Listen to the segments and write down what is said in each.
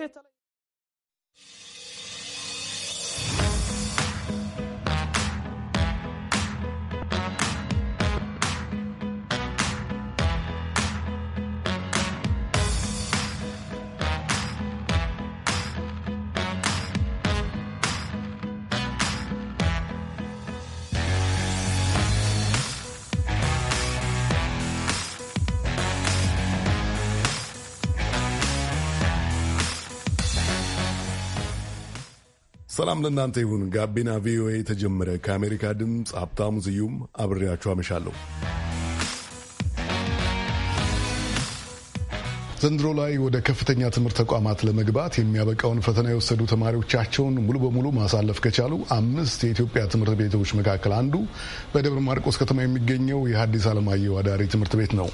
berätta ሰላም ለእናንተ ይሁን። ጋቢና ቪኦኤ የተጀመረ ከአሜሪካ ድምፅ ሀብታሙ ስዩም አብሬያችሁ አመሻለሁ። ዘንድሮ ላይ ወደ ከፍተኛ ትምህርት ተቋማት ለመግባት የሚያበቃውን ፈተና የወሰዱ ተማሪዎቻቸውን ሙሉ በሙሉ ማሳለፍ ከቻሉ አምስት የኢትዮጵያ ትምህርት ቤቶች መካከል አንዱ በደብረ ማርቆስ ከተማ የሚገኘው የሐዲስ ዓለማየሁ አዳሪ ትምህርት ቤት ነው።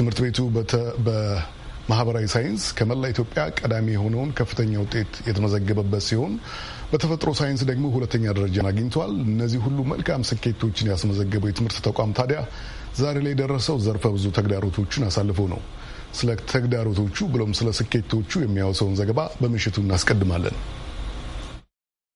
ትምህርት ቤቱ ማህበራዊ ሳይንስ ከመላ ኢትዮጵያ ቀዳሚ የሆነውን ከፍተኛ ውጤት የተመዘገበበት ሲሆን በተፈጥሮ ሳይንስ ደግሞ ሁለተኛ ደረጃን አግኝተዋል። እነዚህ ሁሉ መልካም ስኬቶችን ያስመዘገበው የትምህርት ተቋም ታዲያ ዛሬ ላይ የደረሰው ዘርፈ ብዙ ተግዳሮቶችን አሳልፎ ነው። ስለ ተግዳሮቶቹ ብሎም ስለ ስኬቶቹ የሚያወሰውን ዘገባ በምሽቱ እናስቀድማለን።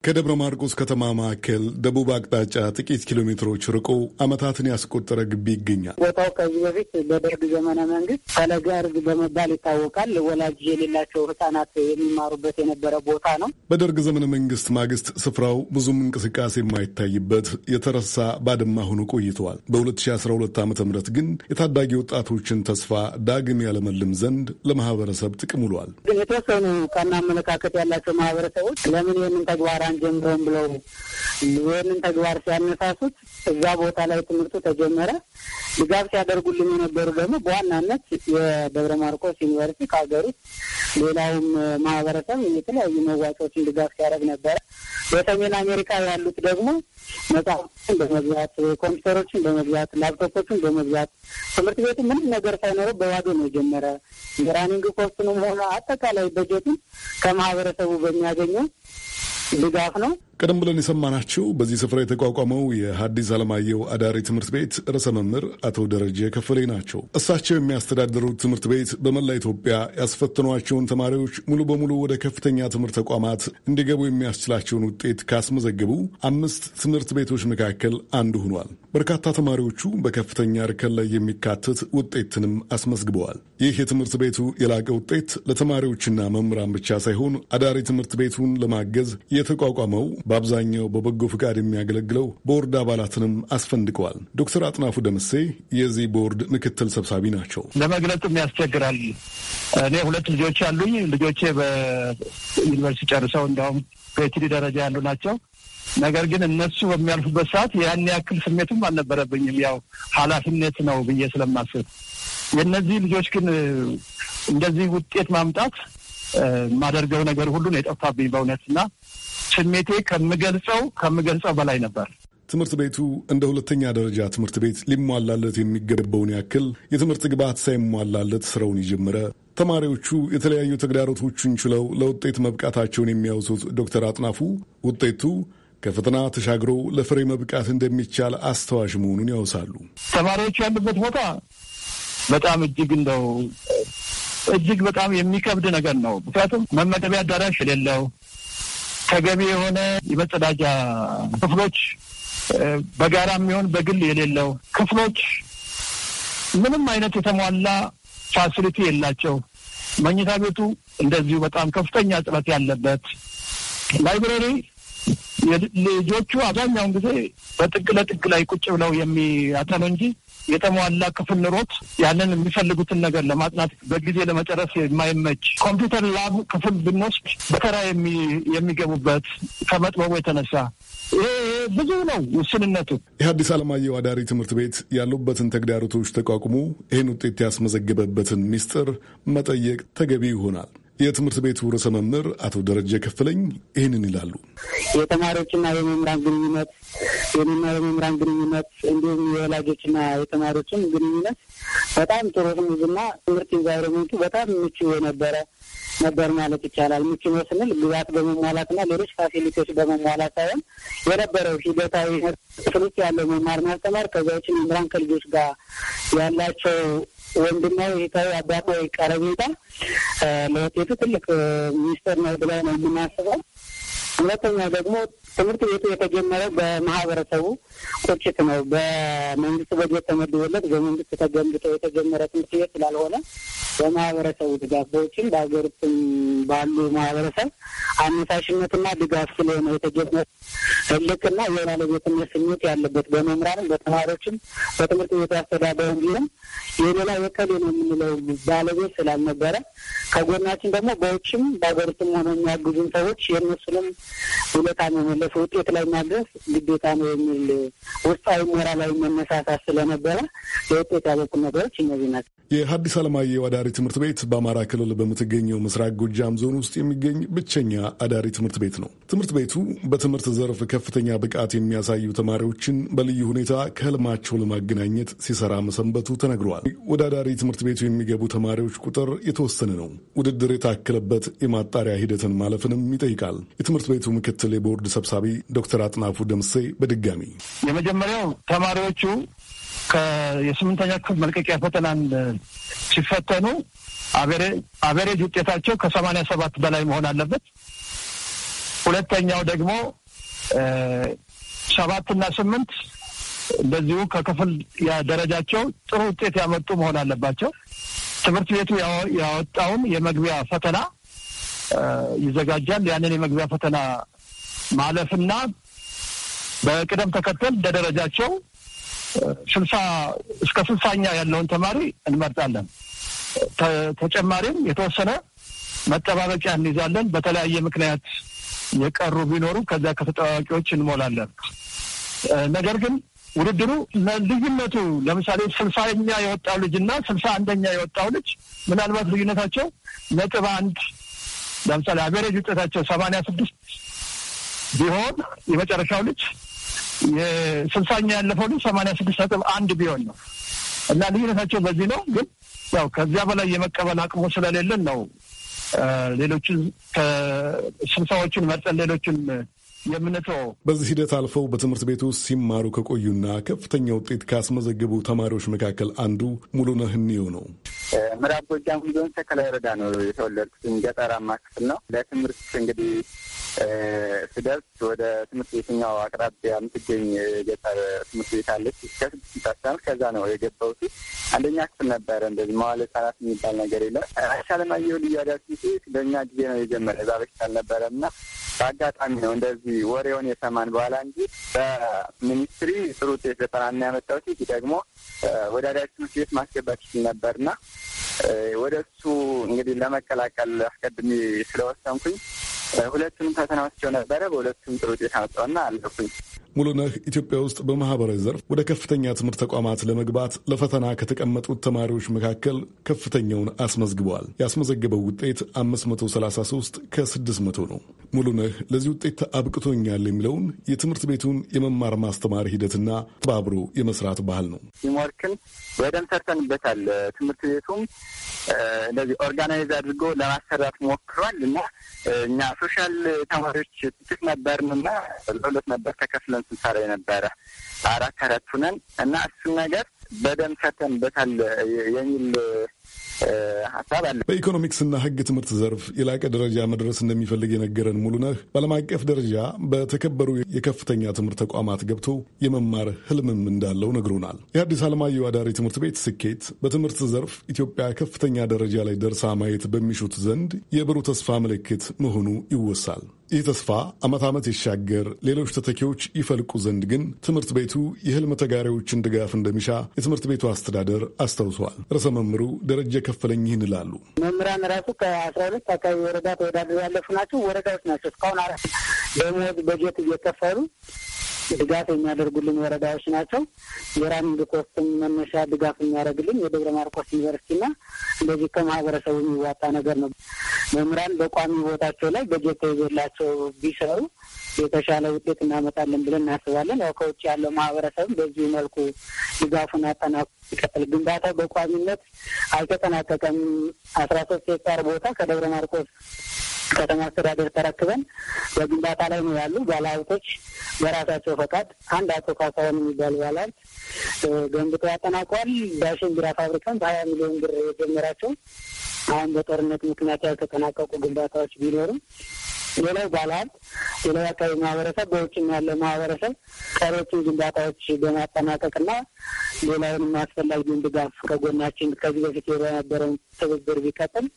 ከደብረ ማርቆስ ከተማ ማዕከል ደቡብ አቅጣጫ ጥቂት ኪሎ ሜትሮች ርቆ ዓመታትን ያስቆጠረ ግቢ ይገኛል። ቦታው ከዚህ በፊት በደርግ ዘመነ መንግስት ፈለገ እርግ በመባል ይታወቃል። ወላጅ የሌላቸው ህፃናት የሚማሩበት የነበረ ቦታ ነው። በደርግ ዘመነ መንግስት ማግስት ስፍራው ብዙም እንቅስቃሴ የማይታይበት የተረሳ ባድማ ሆኖ ቆይተዋል። በ2012 ዓ ም ግን የታዳጊ ወጣቶችን ተስፋ ዳግም ያለመልም ዘንድ ለማህበረሰብ ጥቅም ውሏል። የተወሰኑ ቀና አመለካከት ያላቸው ማህበረሰቦች ለምን ይህንን ተግባራ ከትናንት ብለው ይህንን ተግባር ሲያነሳሱት እዛ ቦታ ላይ ትምህርቱ ተጀመረ። ድጋፍ ሲያደርጉልን የነበሩ ደግሞ በዋናነት የደብረ ማርቆስ ዩኒቨርሲቲ ከሀገር ውስጥ ሌላውም ማህበረሰብ የተለያዩ መዋጮችን ድጋፍ ሲያደርግ ነበረ። በሰሜን አሜሪካ ያሉት ደግሞ መጽሐፎችን በመግዛት ኮምፒውተሮችን በመግዛት ላፕቶፖችን በመግዛት ትምህርት ቤቱ ምንም ነገር ሳይኖረው በባዶ ነው የጀመረ። የራኒንግ ኮስቱንም ሆነ አጠቃላይ በጀቱን ከማህበረሰቡ በሚያገኘው ¿no? ቀደም ብለን የሰማናቸው በዚህ ስፍራ የተቋቋመው የሐዲስ ዓለማየሁ አዳሪ ትምህርት ቤት ርዕሰ መምህር አቶ ደረጀ ከፈሌ ናቸው። እሳቸው የሚያስተዳድሩት ትምህርት ቤት በመላ ኢትዮጵያ ያስፈተኗቸውን ተማሪዎች ሙሉ በሙሉ ወደ ከፍተኛ ትምህርት ተቋማት እንዲገቡ የሚያስችላቸውን ውጤት ካስመዘገቡ አምስት ትምህርት ቤቶች መካከል አንዱ ሆኗል። በርካታ ተማሪዎቹ በከፍተኛ እርከን ላይ የሚካተት ውጤትንም አስመዝግበዋል። ይህ የትምህርት ቤቱ የላቀ ውጤት ለተማሪዎችና መምህራን ብቻ ሳይሆን አዳሪ ትምህርት ቤቱን ለማገዝ የተቋቋመው በአብዛኛው በበጎ ፍቃድ የሚያገለግለው ቦርድ አባላትንም አስፈንድቀዋል። ዶክተር አጥናፉ ደምሴ የዚህ ቦርድ ምክትል ሰብሳቢ ናቸው። ለመግለጽም ያስቸግራል። እኔ ሁለት ልጆች አሉኝ። ልጆቼ በዩኒቨርሲቲ ጨርሰው እንዲያውም ፒኤችዲ ደረጃ ያሉ ናቸው። ነገር ግን እነሱ በሚያልፉበት ሰዓት ያን ያክል ስሜቱም አልነበረብኝም። ያው ኃላፊነት ነው ብዬ ስለማስብ የእነዚህ ልጆች ግን እንደዚህ ውጤት ማምጣት የማደርገው ነገር ሁሉ ነው የጠፋብኝ በእውነትና ስሜቴ ከምገልጸው ከምገልጸው በላይ ነበር። ትምህርት ቤቱ እንደ ሁለተኛ ደረጃ ትምህርት ቤት ሊሟላለት የሚገባውን ያክል የትምህርት ግብዓት ሳይሟላለት ስራውን የጀመረ ተማሪዎቹ የተለያዩ ተግዳሮቶችን ችለው ለውጤት መብቃታቸውን የሚያውሱት ዶክተር አጥናፉ ውጤቱ ከፈተና ተሻግሮ ለፍሬ መብቃት እንደሚቻል አስተዋሽ መሆኑን ያውሳሉ። ተማሪዎቹ ያሉበት ቦታ በጣም እጅግ እንደው እጅግ በጣም የሚከብድ ነገር ነው። ምክንያቱም መመገቢያ አዳራሽ የሌለው ተገቢ የሆነ የመጸዳጃ ክፍሎች በጋራ የሚሆን በግል የሌለው ክፍሎች ምንም አይነት የተሟላ ፋሲሊቲ የላቸው። መኝታ ቤቱ እንደዚሁ በጣም ከፍተኛ ጥረት ያለበት፣ ላይብረሪ ልጆቹ አብዛኛውን ጊዜ በጥግ ለጥግ ላይ ቁጭ ብለው የሚያጠኑ እንጂ የተሟላ ክፍል ኑሮት ያንን የሚፈልጉትን ነገር ለማጥናት በጊዜ ለመጨረስ የማይመች ኮምፒውተር ላብ ክፍል ብንወስድ በተራ የሚገቡበት ከመጥበቡ የተነሳ ብዙ ነው ውስንነቱ። የሀዲስ ዓለማየሁ አዳሪ ትምህርት ቤት ያሉበትን ተግዳሮቶች ተቋቁሞ ይህን ውጤት ያስመዘገበበትን ሚስጥር መጠየቅ ተገቢ ይሆናል። የትምህርት ቤቱ ርዕሰ መምህር አቶ ደረጀ ከፍለኝ ይህንን ይላሉ። የተማሪዎችና የመምህራን ግንኙነት የኔና የመምህራን ግንኙነት እንዲሁም የወላጆችና የተማሪዎችን ግንኙነት በጣም ጥሩ ህሙዝና ትምህርት ኢንቫይሮመንቱ በጣም ምቹ የነበረ ነበር ማለት ይቻላል። ምቹ ነው ስንል ግብዓት በመሟላትና ሌሎች ፋሲሊቲዎች በመሟላት ሳይሆን የነበረው ሂደታዊ ክፍል ውስጥ ያለው መማር ማስተማር ከዛዎችን መምህራን ከልጆች ጋር ያላቸው ወንድና ወይታዊ አባታ ወይ ቀረቤታ ለወጤቱ ትልቅ ሚስጥር ነው ብለን ነው የምናስበው። ሁለተኛ ደግሞ ትምህርት ቤቱ የተጀመረ በማህበረሰቡ ቁጭት ነው። በመንግስት በጀት ተመድቦለት በመንግስት ተገንብቶ የተጀመረ ትምህርት ቤት ስላልሆነ በማህበረሰቡ ድጋፍ በውጭም በሀገሪቱም ባሉ ማህበረሰብ አነሳሽነትና ድጋፍ ስለሆነ የተጀመረ ትልቅና የባለቤትነት ስሜት ያለበት በመምህራንም በተማሪዎችም በትምህርት ቤቱ አስተዳደሩ ቢሆን የሌላ የከሌ ነው የምንለው ባለቤት ስላልነበረ ከጎናችን ደግሞ በውጭም በሀገሪቱም ሆነ የሚያግዙን ሰዎች የእነሱንም ውለታ መመለ የተላለፈ ውጤት ላይ ማድረስ ግዴታ ነው የሚል ውስጣዊ ሞራላዊ መነሳሳት ስለነበረ ለውጤት ያበቁ ነገሮች እነዚህ ናቸው። የሀዲስ አለማየሁ አዳሪ ትምህርት ቤት በአማራ ክልል በምትገኘው ምስራቅ ጎጃም ዞን ውስጥ የሚገኝ ብቸኛ አዳሪ ትምህርት ቤት ነው። ትምህርት ቤቱ በትምህርት ዘርፍ ከፍተኛ ብቃት የሚያሳዩ ተማሪዎችን በልዩ ሁኔታ ከህልማቸው ለማገናኘት ሲሰራ መሰንበቱ ተነግሯል። ወደ አዳሪ ትምህርት ቤቱ የሚገቡ ተማሪዎች ቁጥር የተወሰነ ነው። ውድድር የታከለበት የማጣሪያ ሂደትን ማለፍንም ይጠይቃል። የትምህርት ቤቱ ምክትል የቦርድ ሰብሳቢ ዶክተር አጥናፉ ደምሴ በድጋሚ የመጀመሪያው ተማሪዎቹ የስምንተኛ ክፍል መልቀቂያ ፈተናን ሲፈተኑ አቬሬጅ ውጤታቸው ከሰማንያ ሰባት በላይ መሆን አለበት። ሁለተኛው ደግሞ ሰባት እና ስምንት እንደዚሁ ከክፍል ደረጃቸው ጥሩ ውጤት ያመጡ መሆን አለባቸው። ትምህርት ቤቱ ያወጣውም የመግቢያ ፈተና ይዘጋጃል። ያንን የመግቢያ ፈተና ማለፍና በቅደም ተከተል እንደ ደረጃቸው ስልሳ እስከ ስልሳኛ ያለውን ተማሪ እንመርጣለን። ተጨማሪም የተወሰነ መጠባበቂያ እንይዛለን። በተለያየ ምክንያት የቀሩ ቢኖሩ ከዚያ ከተጠባባቂዎች እንሞላለን። ነገር ግን ውድድሩ ልዩነቱ ለምሳሌ ስልሳኛ የወጣው ልጅ እና ስልሳ አንደኛ የወጣው ልጅ ምናልባት ልዩነታቸው ነጥብ አንድ ለምሳሌ አቬሬጅ ውጤታቸው ሰማንያ ስድስት ቢሆን የመጨረሻው ልጅ የስልሳኛ ያለፈው ልጅ ሰማንያ ስድስት ነጥብ አንድ ቢሆን ነው እና ልዩነታቸው በዚህ ነው። ግን ያው ከዚያ በላይ የመቀበል አቅሙ ስለሌለን ነው ሌሎችን ከስልሳዎቹን መርጠን ሌሎችን የምንተው። በዚህ ሂደት አልፈው በትምህርት ቤት ውስጥ ሲማሩ ከቆዩና ከፍተኛ ውጤት ካስመዘገቡ ተማሪዎች መካከል አንዱ ሙሉነህ እንየው ነው። ምዕራብ ጎጃም ዞን ሰከላ ወረዳ ነው የተወለድኩት። ገጠራማ ክፍል ነው። ለትምህርት እንግዲህ ስደርስ ወደ ትምህርት ቤትኛው አቅራቢያ የምትገኝ የገጠር ትምህርት ቤት አለች። ከስድስት ሳሳል ከዛ ነው የገባሁት። አንደኛ ክፍል ነበረ። እንደዚህ መዋለ ህጻናት የሚባል ነገር የለም። አሻለማየሁ ልዩ አዳሪ በእኛ ጊዜ ነው የጀመረ። እዛ በሽታ አልነበረም እና በአጋጣሚ ነው እንደዚህ ወሬውን የሰማን በኋላ እንጂ በሚኒስትሪ ጥሩ ውጤት ዘጠና ያመጣው ሴት ደግሞ ወዳዳችን ሴት ማስገባት ይችል ነበርና ወደ እሱ እንግዲህ ለመቀላቀል አስቀድሜ ስለወሰንኩኝ ሁለቱም ፈተና ወስጄው ነበረ። በሁለቱም ጥሩ ውጤት አመጣሁና አለፍኩኝ። ሙሉነህ ኢትዮጵያ ውስጥ በማህበራዊ ዘርፍ ወደ ከፍተኛ ትምህርት ተቋማት ለመግባት ለፈተና ከተቀመጡት ተማሪዎች መካከል ከፍተኛውን አስመዝግበዋል። ያስመዘገበው ውጤት 533 ከ600 ነው። ሙሉነህ ለዚህ ውጤት አብቅቶኛል የሚለውን የትምህርት ቤቱን የመማር ማስተማር ሂደትና ተባብሮ የመስራት ባህል ነው። ሲሞርክን በደንብ ሰርተንበታል። ትምህርት ቤቱም እንደዚህ ኦርጋናይዝ አድርጎ ለማሰራት ሞክሯል እና እኛ ሶሻል ተማሪዎች ጥቂት ነበርን እና ለሁለት ነበር ተከፍለን ስንሰራ የነበረ አራት አራት ሁነን እና እሱን ነገር በደንብ ሰርተንበታል የሚል ሀሳብ አለ። በኢኮኖሚክስና ሕግ ትምህርት ዘርፍ የላቀ ደረጃ መድረስ እንደሚፈልግ የነገረን ሙሉነህ በዓለም አቀፍ ደረጃ በተከበሩ የከፍተኛ ትምህርት ተቋማት ገብቶ የመማር ህልምም እንዳለው ነግሮናል። የአዲስ አለማየሁ አዳሪ ትምህርት ቤት ስኬት በትምህርት ዘርፍ ኢትዮጵያ ከፍተኛ ደረጃ ላይ ደርሳ ማየት በሚሹት ዘንድ የብሩህ ተስፋ ምልክት መሆኑ ይወሳል። ይህ ተስፋ ዓመት ዓመት ይሻገር፣ ሌሎች ተተኪዎች ይፈልቁ ዘንድ ግን ትምህርት ቤቱ የህልም ተጋሪዎችን ድጋፍ እንደሚሻ የትምህርት ቤቱ አስተዳደር አስታውሰዋል። ርዕሰ መምህሩ ደረጀ ከፈለኝ ይህን ይላሉ። መምህራን ራሱ ከአስራ ሁለት አካባቢ ወረዳ ተወዳድረው ያለፉ ናቸው። ወረዳዎች ናቸው እስካሁን አራት ደሞዝ በጀት እየከፈሉ ድጋፍ የሚያደርጉልኝ ወረዳዎች ናቸው። የራንድ ኮስትም መነሻ ድጋፍ የሚያደርግልኝ የደብረ ማርቆስ ዩኒቨርሲቲና እንደዚህ ከማህበረሰቡ የሚዋጣ ነገር ነው። መምህራን በቋሚ ቦታቸው ላይ በጀት ተይዞላቸው ቢሰሩ የተሻለ ውጤት እናመጣለን ብለን እናስባለን። ያው ከውጭ ያለው ማህበረሰብ በዚህ መልኩ ድጋፉን አጠና ይቀጥል። ግንባታ በቋሚነት አልተጠናቀቀም። አስራ ሶስት ሄክታር ቦታ ከደብረ ማርቆስ ከተማ አስተዳደር ተረክበን በግንባታ ላይ ነው ያሉ ባለሀብቶች በራሳቸው ፈቃድ አንድ አቶ ካሳሁን የሚባሉ ባለሀብት ገንብቶ ያጠናቋል። ዳሽን ቢራ ፋብሪካን በሀያ ሚሊዮን ብር የጀመራቸው አሁን በጦርነት ምክንያት ያልተጠናቀቁ ግንባታዎች ቢኖሩም ሌላው ባለሀብት፣ ሌላው አካባቢ ማህበረሰብ፣ በውጭም ያለው ማህበረሰብ ቀሪዎችን ግንባታዎች በማጠናቀቅና ሌላውንም አስፈላጊውን ድጋፍ ከጎናችን ከዚህ በፊት የነበረውን ትብብር ቢቀጥል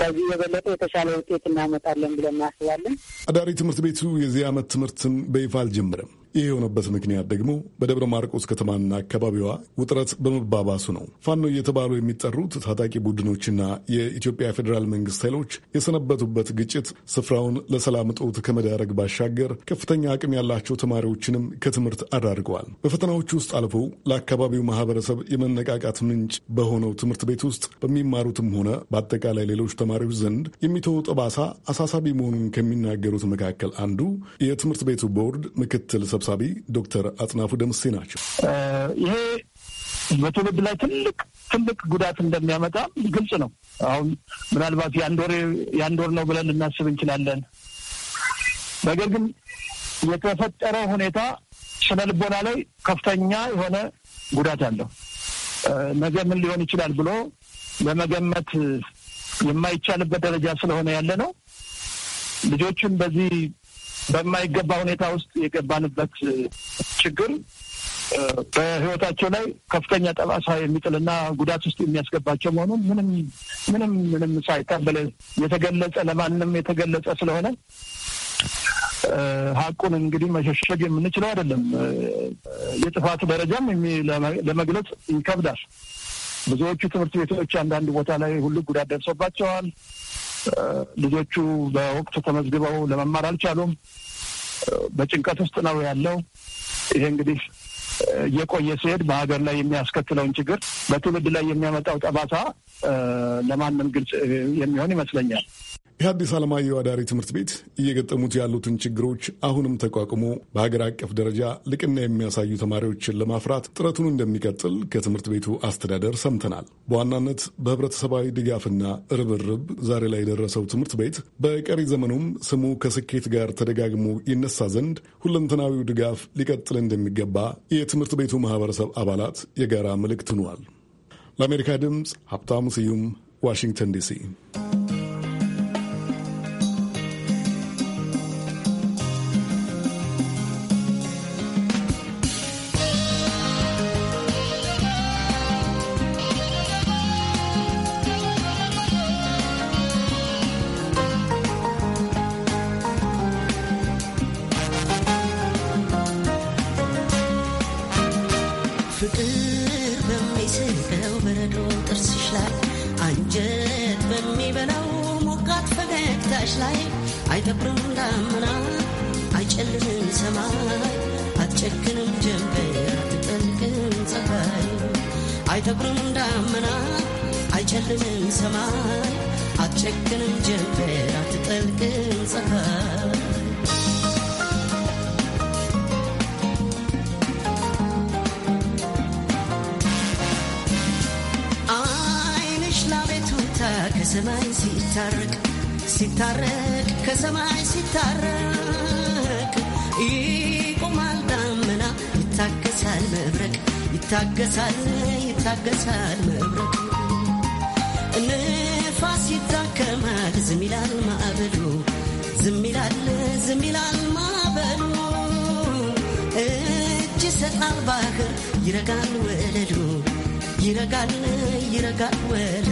ከዚህ የበለጠ የተሻለ ውጤት እናመጣለን ብለን እናስባለን። አዳሪ ትምህርት ቤቱ የዚህ ዓመት ትምህርትን በይፋ አልጀምረም። ይህ የሆነበት ምክንያት ደግሞ በደብረ ማርቆስ ከተማና አካባቢዋ ውጥረት በመባባሱ ነው። ፋኖ እየተባሉ የሚጠሩት ታጣቂ ቡድኖችና የኢትዮጵያ ፌዴራል መንግስት ኃይሎች የሰነበቱበት ግጭት ስፍራውን ለሰላም እጦት ከመዳረግ ባሻገር ከፍተኛ አቅም ያላቸው ተማሪዎችንም ከትምህርት አዳርገዋል። በፈተናዎች ውስጥ አልፈው ለአካባቢው ማህበረሰብ የመነቃቃት ምንጭ በሆነው ትምህርት ቤት ውስጥ በሚማሩትም ሆነ በአጠቃላይ ሌሎች ተማሪዎች ዘንድ የሚተው ጠባሳ አሳሳቢ መሆኑን ከሚናገሩት መካከል አንዱ የትምህርት ቤቱ ቦርድ ምክትል ሰብ ሰብሳቢ ዶክተር አጽናፉ ደምሴ ናቸው። ይሄ በትውልድ ላይ ትልቅ ትልቅ ጉዳት እንደሚያመጣ ግልጽ ነው። አሁን ምናልባት የአንድ ወር ነው ብለን ልናስብ እንችላለን። ነገር ግን የተፈጠረው ሁኔታ ስነ ልቦና ላይ ከፍተኛ የሆነ ጉዳት አለው። ነገ ምን ሊሆን ይችላል ብሎ ለመገመት የማይቻልበት ደረጃ ስለሆነ ያለ ነው። ልጆችን በዚህ በማይገባ ሁኔታ ውስጥ የገባንበት ችግር በህይወታቸው ላይ ከፍተኛ ጠባሳ የሚጥልና ጉዳት ውስጥ የሚያስገባቸው መሆኑን ምንም ምንም ምንም ሳይታበለ የተገለጸ ለማንም የተገለጸ ስለሆነ ሀቁን እንግዲህ መሸሸግ የምንችለው አይደለም። የጥፋቱ ደረጃም ለመግለጽ ይከብዳል። ብዙዎቹ ትምህርት ቤቶች አንዳንድ ቦታ ላይ ሁሉ ጉዳት ደርሶባቸዋል። ልጆቹ በወቅቱ ተመዝግበው ለመማር አልቻሉም። በጭንቀት ውስጥ ነው ያለው። ይሄ እንግዲህ እየቆየ ሲሄድ በሀገር ላይ የሚያስከትለውን ችግር፣ በትውልድ ላይ የሚያመጣው ጠባሳ ለማንም ግልጽ የሚሆን ይመስለኛል። የሐዲስ ዓለማየሁ አዳሪ ትምህርት ቤት እየገጠሙት ያሉትን ችግሮች አሁንም ተቋቁሞ በሀገር አቀፍ ደረጃ ልቅና የሚያሳዩ ተማሪዎችን ለማፍራት ጥረቱን እንደሚቀጥል ከትምህርት ቤቱ አስተዳደር ሰምተናል። በዋናነት በህብረተሰባዊ ድጋፍና ርብርብ ዛሬ ላይ የደረሰው ትምህርት ቤት በቀሪ ዘመኑም ስሙ ከስኬት ጋር ተደጋግሞ ይነሳ ዘንድ ሁለንተናዊው ድጋፍ ሊቀጥል እንደሚገባ የትምህርት ቤቱ ማህበረሰብ አባላት የጋራ መልእክት ሆኗል። ለአሜሪካ ድምፅ ሀብታሙ ስዩም ዋሽንግተን ዲሲ አይተኩርም ዳመና አይጨልምም ሰማይ አትጨክንም ጀንበር አትጠልቅም ፀሐይ አይንሽ ላቤቱታ ከሰማይ ሲታረቅ ሲታረቅ ከሰማይ ሲታረቅ ይታገሳል ይታገሳል መብረቁ ንፋስ ይታከማል ዝም ይላል ማዕበሉ ዝም ይላል ዝም ይላል ማዕበሉ እጅ ይሰጣል ባህር ይረጋል ወለሉ ይረጋል ይረጋል ወለሉ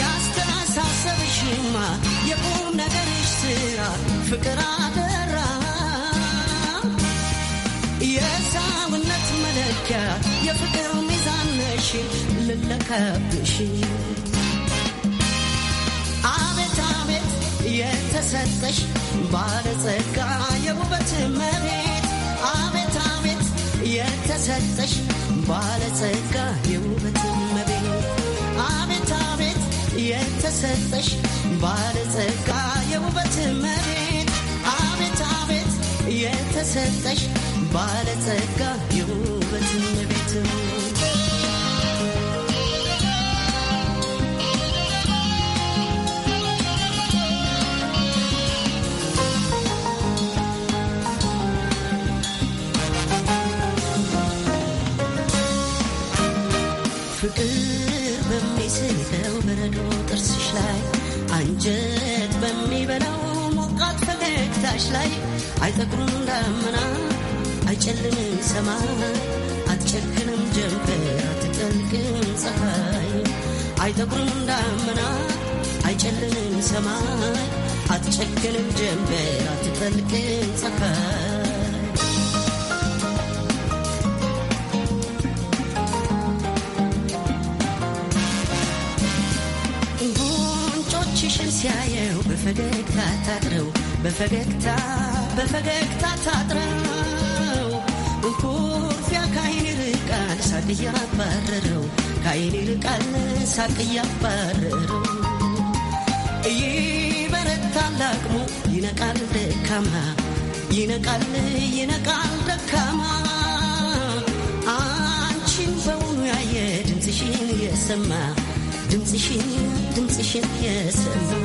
ያስተሳሰብሽማ የቁም ነገርሽ ስራ ፍቅር አለ ልከብሽ አቤት አቤት የተሰጠሽ ባለጸጋ የውበት መሬት አቤት አቤት የተሰጠሽ ባለጸጋ የውበት መቤት አቤት አቤት የተሰጠሽ ባለጸጋ የውበት መሬት አቤት አቤት የተሰጠሽ ባለጸጋ የውበት መቤት ፍቅር በሚስበው በረዶ ጥርስሽ ላይ አንጀት በሚበላው ሞቃት ፈገግታሽ ላይ አይጠቁርም ዳመና አይጨልምም ሰማይ አትጨክንም ጀንበር አትጠልቅም ፀሐይ አይጠቁርም ዳመና አይጨልምም ሰማይ አትጨክንም ጀንበር አትጠልቅም ፀሐይ አይንሽሽን ሲያየው በፈገግታ ታጥረው በፈገግታ በፈገግታ ታጥረው እኩርፊያ ካይን ይርቃል ሳቅ እያባረረው ካይን ይርቃል ሳቅ እያባረረው ይበረታል አቅሙ ይነቃል ደካማ ይነቃል ይነቃል ደካማ አንቺን በውኑ ያየ ድምፅሽን የሰማ ድምፅሽን ድምፅሽን የሰማ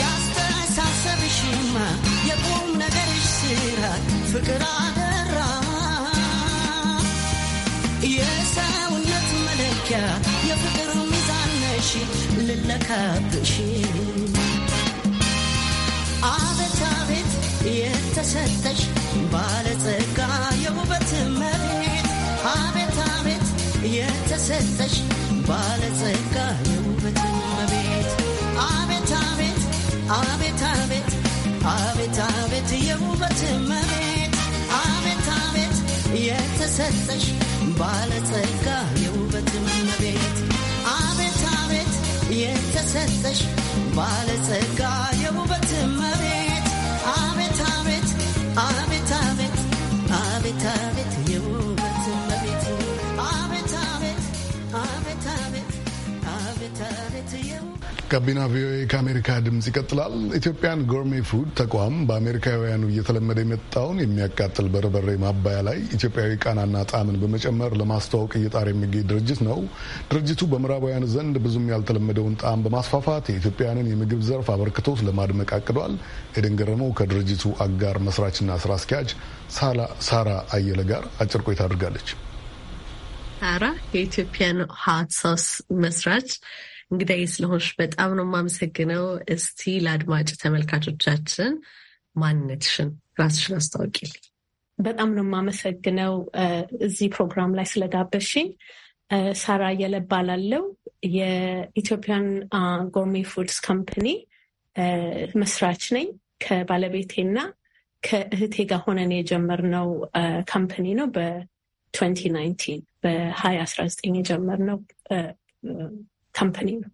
ያስተሳሰብሽማ የቁም ፍቅር አደራ የሰውነት መለኪያ የፍቅር ሚዛን ነሽ ልለካብሽ አቤት አቤት የውበት መቤት አቤት ሰጠሽ ባለጸጋ የውበት እመቤት አቤት አቤት የተሰጠሽ ባለጸጋ የውበት እመቤት አቤት አቤት አቤት አቤት አቤት የውበት ጋቢና ቪኦኤ ከአሜሪካ ድምፅ ይቀጥላል። ኢትዮጵያን ጎርሜ ፉድ ተቋም በአሜሪካውያኑ እየተለመደ የመጣውን የሚያቃጥል በርበሬ ማባያ ላይ ኢትዮጵያዊ ቃናና ጣዕምን በመጨመር ለማስተዋወቅ እየጣር የሚገኝ ድርጅት ነው። ድርጅቱ በምዕራባውያን ዘንድ ብዙም ያልተለመደውን ጣዕም በማስፋፋት የኢትዮጵያንን የምግብ ዘርፍ አበርክቶት ለማድመቅ አቅዷል። ኤደን ገረመው ከድርጅቱ አጋር መስራችና ስራ አስኪያጅ ሳራ አየለ ጋር አጭር ቆይታ አድርጋለች። ሳራ የኢትዮጵያን ሀት ሶስ መስራች እንግዲ ስለሆንሽ በጣም ነው የማመሰግነው። እስቲ ለአድማጭ ተመልካቾቻችን ማንነትሽን ራስሽን አስታውቂልኝ። በጣም ነው የማመሰግነው እዚህ ፕሮግራም ላይ ስለጋበሽኝ። ሳራ እየለባላለው የኢትዮጵያን ጎርሜ ፉድስ ካምፕኒ መስራች ነኝ። ከባለቤቴና ከእህቴ ጋር ሆነን የጀመርነው ካምፕኒ ነው። በ2019 በ2019 የጀመርነው ካምፓኒ ነው።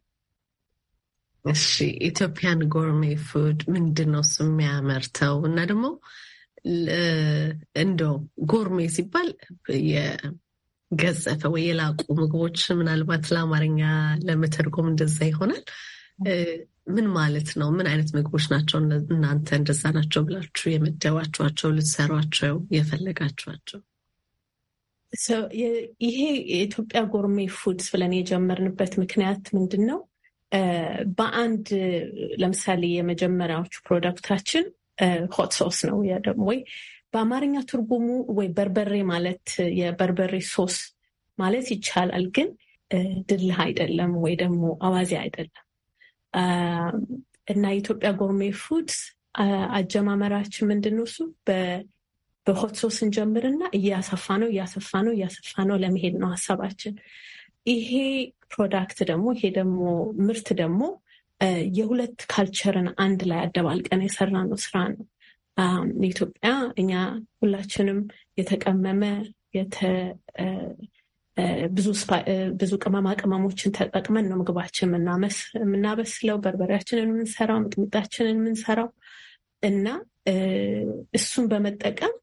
እሺ፣ ኢትዮጵያን ጎርሜ ፉድ ምንድን ነው እሱ የሚያመርተው? እና ደግሞ እንደው ጎርሜ ሲባል የገጸፈ ወይ የላቁ ምግቦች ምናልባት ለአማርኛ ለመተርጎም እንደዛ ይሆናል። ምን ማለት ነው? ምን አይነት ምግቦች ናቸው እናንተ እንደዛ ናቸው ብላችሁ የመደባችኋቸው ልትሰሯቸው የፈለጋችኋቸው? ይሄ የኢትዮጵያ ጎርሜ ፉድስ ብለን የጀመርንበት ምክንያት ምንድን ነው? በአንድ ለምሳሌ የመጀመሪያዎቹ ፕሮዳክታችን ሆት ሶስ ነው ወይ በአማርኛ ትርጉሙ ወይ በርበሬ ማለት የበርበሬ ሶስ ማለት ይቻላል። ግን ድልህ አይደለም ወይ ደግሞ አዋዜ አይደለም እና የኢትዮጵያ ጎርሜ ፉድስ አጀማመራችን ምንድን ነው እሱ በሆት ሶስ እንጀምርና እያሰፋ ነው እያሰፋ ነው እያሰፋ ነው ለመሄድ ነው ሀሳባችን። ይሄ ፕሮዳክት ደግሞ ይሄ ደግሞ ምርት ደግሞ የሁለት ካልቸርን አንድ ላይ አደባልቀን የሰራነው ስራ ነው። ኢትዮጵያ እኛ ሁላችንም የተቀመመ ብዙ ቅመማ ቅመሞችን ተጠቅመን ነው ምግባችን የምናበስለው፣ በርበሬያችንን የምንሰራው፣ ምጥሚጣችንን የምንሰራው እና እሱን በመጠቀም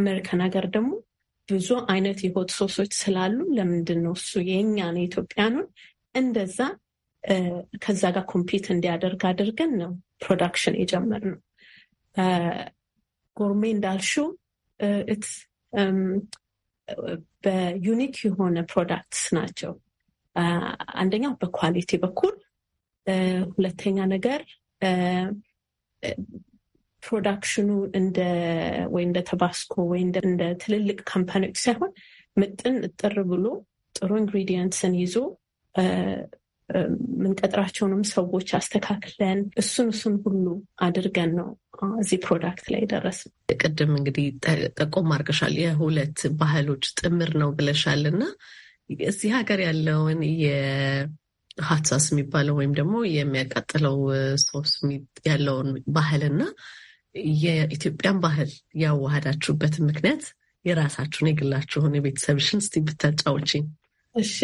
አሜሪካን ሀገር ደግሞ ብዙ አይነት የሆት ሶሶች ስላሉ ለምንድን ነው እሱ ነው ኢትዮጵያኑን እንደዛ ከዛ ጋር ኮምፒት እንዲያደርግ አድርገን ነው ፕሮዳክሽን የጀመርነው። ጎርሜ እንዳልሹ በዩኒክ የሆነ ፕሮዳክትስ ናቸው። አንደኛው በኳሊቲ በኩል ሁለተኛ ነገር ፕሮዳክሽኑ እንደ ወይ እንደ ተባስኮ ወይ እንደ ትልልቅ ካምፓኒዎች ሳይሆን ምጥን እጥር ብሎ ጥሩ ኢንግሪዲየንትስን ይዞ ምንቀጥራቸውንም ሰዎች አስተካክለን እሱን እሱን ሁሉ አድርገን ነው እዚህ ፕሮዳክት ላይ ደረስ። ቅድም እንግዲህ ጠቆም አድርገሻል፣ የሁለት ባህሎች ጥምር ነው ብለሻል እና እዚህ ሀገር ያለውን የሀትሳስ የሚባለው ወይም ደግሞ የሚያቃጥለው ሶስ ያለውን ባህልና የኢትዮጵያን ባህል ያዋሃዳችሁበትን ምክንያት የራሳችሁን የግላችሁን የቤተሰብሽን እስቲ ብታጫዎችኝ። እሺ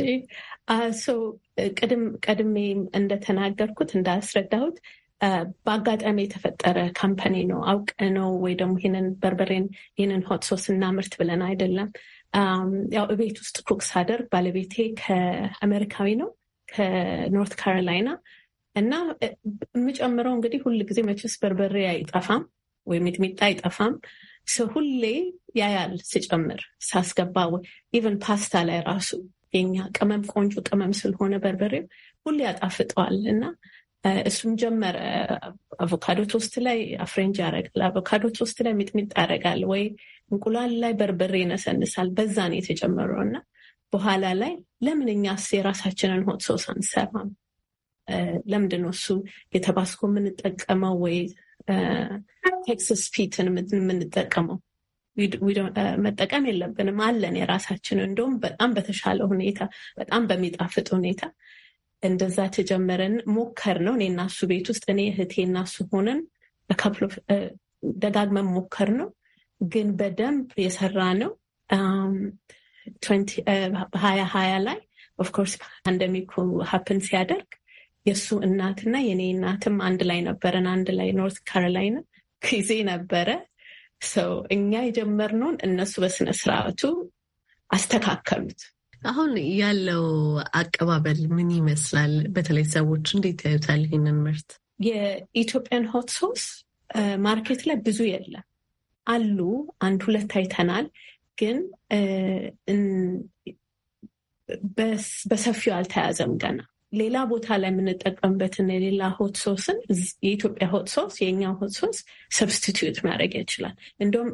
ቀድሜ እንደተናገርኩት እንዳስረዳሁት በአጋጣሚ የተፈጠረ ካምፓኒ ነው። አውቅ ነው ወይ ደግሞ ይህንን በርበሬን ይህንን ሆት ሶስ እናምርት ብለን አይደለም። ያው እቤት ውስጥ ኩክ ሳደርግ ባለቤቴ ከአሜሪካዊ ነው ከኖርት ካሮላይና እና የምጨምረው እንግዲህ ሁል ጊዜ መቼስ በርበሬ አይጠፋም ወይ ሚጥሚጣ አይጠፋም። ሰው ሁሌ ያያል ስጨምር ሳስገባ፣ ኢቨን ፓስታ ላይ ራሱ የኛ ቅመም ቆንጆ ቅመም ስለሆነ በርበሬው ሁሌ ያጣፍጠዋል እና እሱም ጀመረ። አቮካዶ ቶስት ላይ አፍሬንጅ ያደርጋል። አቮካዶ ቶስት ላይ ሚጥሚጣ ያደርጋል፣ ወይ እንቁላል ላይ በርበሬ ይነሰንሳል። በዛ ነው የተጨመረው እና በኋላ ላይ ለምን ስ የራሳችንን ሆት ሶስ አንሰራም? ለምንድን ነው እሱ የተባስኮ የምንጠቀመው ወይ ቴክስስ ፊትን የምንጠቀመው uh, መጠቀም የለብንም። አለን የራሳችን እንደውም በጣም በተሻለ ሁኔታ በጣም በሚጣፍጥ ሁኔታ እንደዛ ተጀመረን ሞከር ነው። እኔ እና እሱ ቤት ውስጥ እኔ እህቴ እና እሱ ሆነን በከፍሎ uh, ደጋግመን ሞከር ነው፣ ግን በደንብ የሰራ ነው um, uh, በሀያ ሀያ ላይ ኦፍኮርስ ፓንደሚኩ ሀፕን ሲያደርግ የእሱ እናትና የኔ እናትም አንድ ላይ ነበረን። አንድ ላይ ኖርት ካሮላይና ጊዜ ነበረ። ሰው እኛ የጀመርነውን እነሱ በስነ ስርዓቱ አስተካከሉት። አሁን ያለው አቀባበል ምን ይመስላል? በተለይ ሰዎች እንዴት ያዩታል ይህንን ምርት? የኢትዮጵያን ሆት ሶስ ማርኬት ላይ ብዙ የለም አሉ። አንድ ሁለት አይተናል፣ ግን በሰፊው አልተያዘም ገና ሌላ ቦታ ላይ የምንጠቀምበትን የሌላ ሆት ሶስን የኢትዮጵያ ሆት ሶስ የእኛ ሆት ሶስ ሰብስቲትዩት ማድረግ ይችላል። እንደውም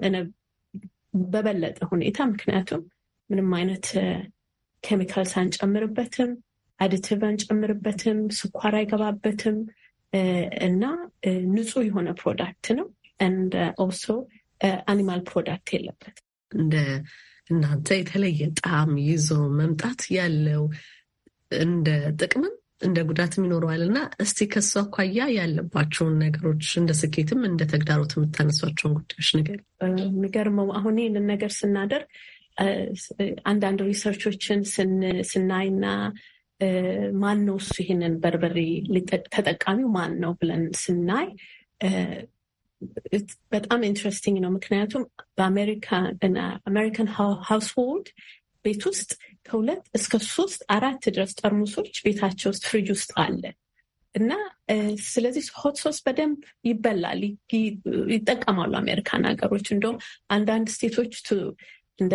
በበለጠ ሁኔታ ምክንያቱም ምንም አይነት ኬሚካልስ አንጨምርበትም፣ አዲቲቭ አንጨምርበትም፣ ስኳር አይገባበትም እና ንጹህ የሆነ ፕሮዳክት ነው። እንደ ኦልሶ አኒማል ፕሮዳክት የለበት እንደ እናንተ የተለየ ጣዕም ይዞ መምጣት ያለው እንደ ጥቅምም እንደ ጉዳትም ይኖረዋል እና እስቲ ከሱ አኳያ ያለባቸውን ነገሮች እንደ ስኬትም እንደ ተግዳሮት የምታነሷቸውን ጉዳዮች ንገሪ። የሚገርመው አሁን ይህንን ነገር ስናደርግ አንዳንድ ሪሰርቾችን ስናይና ማን ነው እሱ ይህንን በርበሬ ተጠቃሚው ማን ነው ብለን ስናይ በጣም ኢንትረስቲንግ ነው። ምክንያቱም በአሜሪካን ሃውስሆልድ ቤት ውስጥ ከሁለት እስከ ሶስት አራት ድረስ ጠርሙሶች ቤታቸው ውስጥ ፍሪጅ ውስጥ አለ እና ስለዚህ ሆት ሶስ በደንብ ይበላል፣ ይጠቀማሉ አሜሪካን ሀገሮች። እንደውም አንዳንድ ስቴቶች እንደ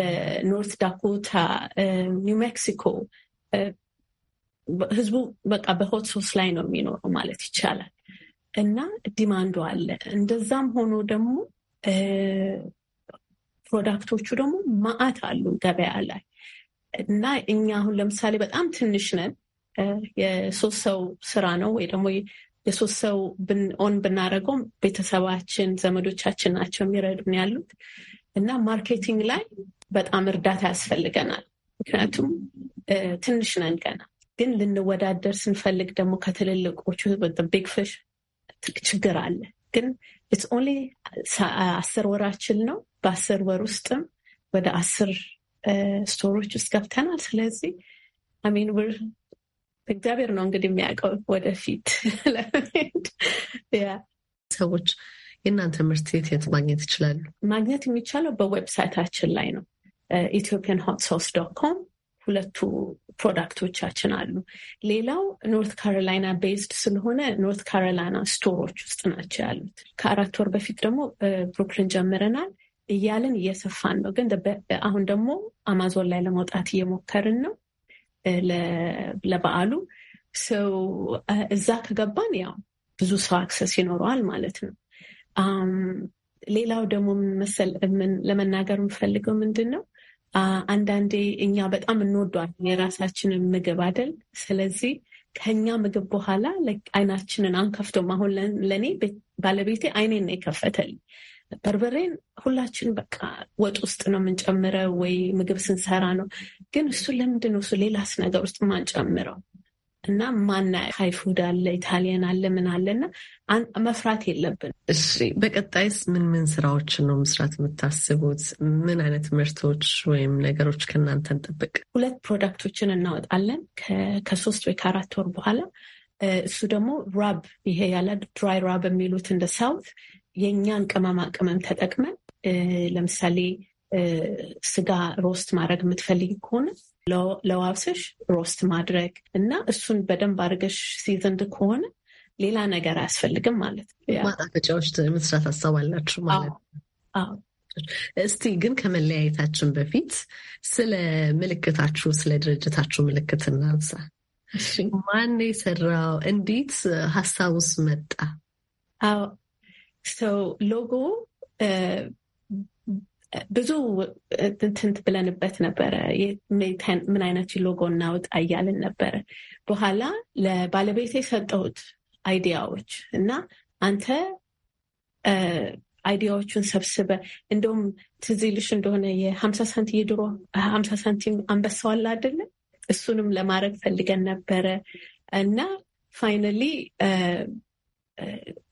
ኖርት ዳኮታ፣ ኒው ሜክሲኮ ህዝቡ በቃ በሆት ሶስ ላይ ነው የሚኖረው ማለት ይቻላል እና ዲማንዱ አለ። እንደዛም ሆኖ ደግሞ ፕሮዳክቶቹ ደግሞ ማአት አሉ ገበያ ላይ እና እኛ አሁን ለምሳሌ በጣም ትንሽ ነን። የሶስት ሰው ስራ ነው ወይ ደግሞ የሶስት ሰው ኦን ብናደርገውም ቤተሰባችን፣ ዘመዶቻችን ናቸው የሚረዱን ያሉት እና ማርኬቲንግ ላይ በጣም እርዳታ ያስፈልገናል። ምክንያቱም ትንሽ ነን ገና። ግን ልንወዳደር ስንፈልግ ደግሞ ከትልልቆቹ ቢግ ፊሽ ችግር አለ። ግን ኢትስ ኦንሊ አስር ወራችን ነው። በአስር ወር ውስጥም ወደ አስር ስቶሮች ውስጥ ገብተናል። ስለዚህ አሚን እግዚአብሔር ነው እንግዲህ የሚያውቀው ወደፊት ሰዎች የእናንተ ምርት የት የት ማግኘት ይችላሉ? ማግኘት የሚቻለው በዌብሳይታችን ላይ ነው። ኢትዮጵያን ሆት ሶስ ዶት ኮም ሁለቱ ፕሮዳክቶቻችን አሉ። ሌላው ኖርት ካሮላይና ቤዝድ ስለሆነ ኖርት ካሮላይና ስቶሮች ውስጥ ናቸው ያሉት። ከአራት ወር በፊት ደግሞ ብሩክሊን ጀምረናል እያለን እየሰፋን ነው። ግን አሁን ደግሞ አማዞን ላይ ለመውጣት እየሞከርን ነው ለበዓሉ ሰው እዛ ከገባን ያው ብዙ ሰው አክሰስ ይኖረዋል ማለት ነው። ሌላው ደግሞ ለመናገር የምፈልገው ምንድን ነው አንዳንዴ እኛ በጣም እንወዷል የራሳችንን ምግብ አይደል? ስለዚህ ከኛ ምግብ በኋላ አይናችንን አንከፍቶም። አሁን ለእኔ ባለቤቴ አይኔን ነው የከፈተልኝ። በርበሬን ሁላችን በቃ ወጥ ውስጥ ነው የምንጨምረው ወይ ምግብ ስንሰራ ነው። ግን እሱ ለምንድን ነው እሱ ሌላስ ነገር ውስጥ ማንጨምረው? እና ማና ሀይ ፉድ አለ፣ ኢታሊያን አለ፣ ምን አለና መፍራት የለብን። እሺ፣ በቀጣይስ ምን ምን ስራዎችን ነው መስራት የምታስቡት? ምን አይነት ምርቶች ወይም ነገሮች ከእናንተ እንጠብቅ? ሁለት ፕሮዳክቶችን እናወጣለን ከሶስት ወይ ከአራት ወር በኋላ። እሱ ደግሞ ራብ፣ ይሄ ያለ ድራይ ራብ የሚሉት እንደ ሳውት የእኛን ቅመማ ቅመም ተጠቅመን ለምሳሌ ስጋ ሮስት ማድረግ የምትፈልግ ከሆነ ለዋብሰሽ ሮስት ማድረግ እና እሱን በደንብ አድርገሽ ሲዘንድ ከሆነ ሌላ ነገር አያስፈልግም ማለት ነው። ማጣፈጫዎች መስራት ሀሳብ አላችሁ ማለት ነው። እስቲ ግን ከመለያየታችን በፊት ስለ ምልክታችሁ ስለ ድርጅታችሁ ምልክት እናንሳ። ማን የሰራው? እንዴት ሀሳቡስ መጣ? ሎጎ ብዙ ትንት ብለንበት ነበረ። ምን አይነት ሎጎ እናውጣ እያልን ነበረ። በኋላ ለባለቤት የሰጠሁት አይዲያዎች እና አንተ አይዲያዎቹን ሰብስበ እንደውም ትዝ ይልሽ እንደሆነ የሀምሳ ሳንቲም የድሮ ሀምሳ ሳንቲም አንበሳዋላ አይደለ? እሱንም ለማድረግ ፈልገን ነበረ እና ፋይናሊ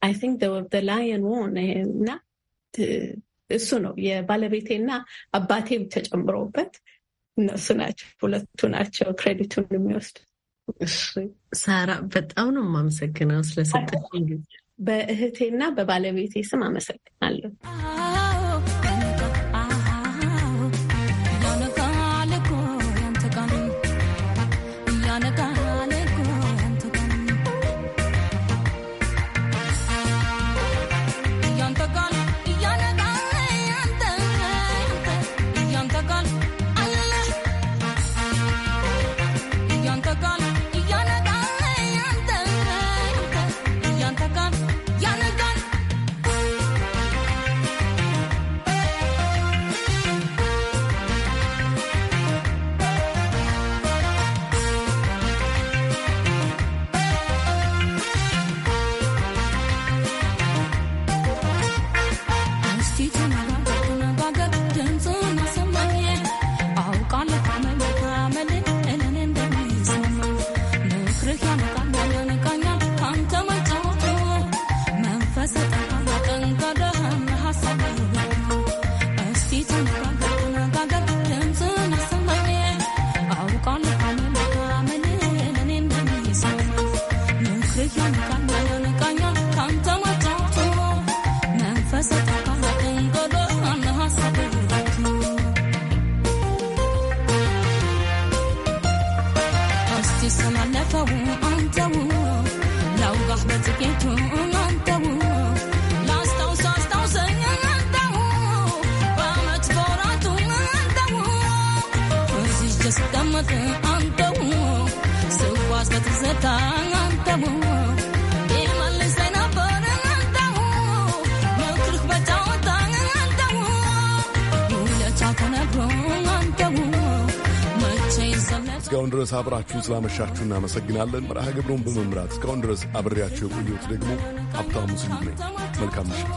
አይ ቲንክ ላየን ዎን እና እሱ ነው የባለቤቴና አባቴም ተጨምሮበት እነሱ ናቸው ሁለቱ ናቸው ክሬዲቱን የሚወስድ። ሳራ በጣም ነው የማመሰግነው ስለሰጠሽኝ በእህቴና በባለቤቴ ስም አመሰግናለሁ። Just a matter of time, so what's that? እስካሁን ድረስ አብራችሁን ስላመሻችሁ እናመሰግናለን። መርሃ ግብሩን በመምራት እስካሁን ድረስ አብሬያቸው የቆየሁት ደግሞ ሀብታሙ ስዩም ነኝ። መልካም ምሽት።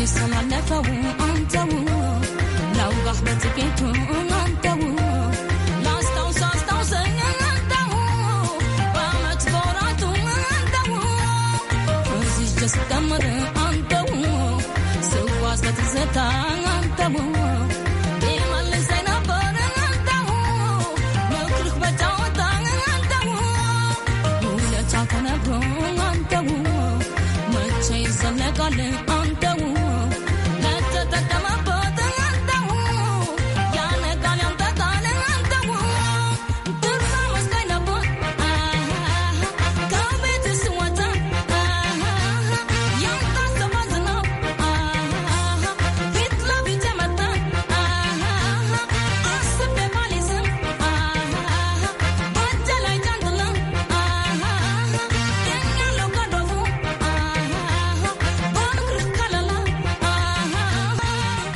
Just a little bit of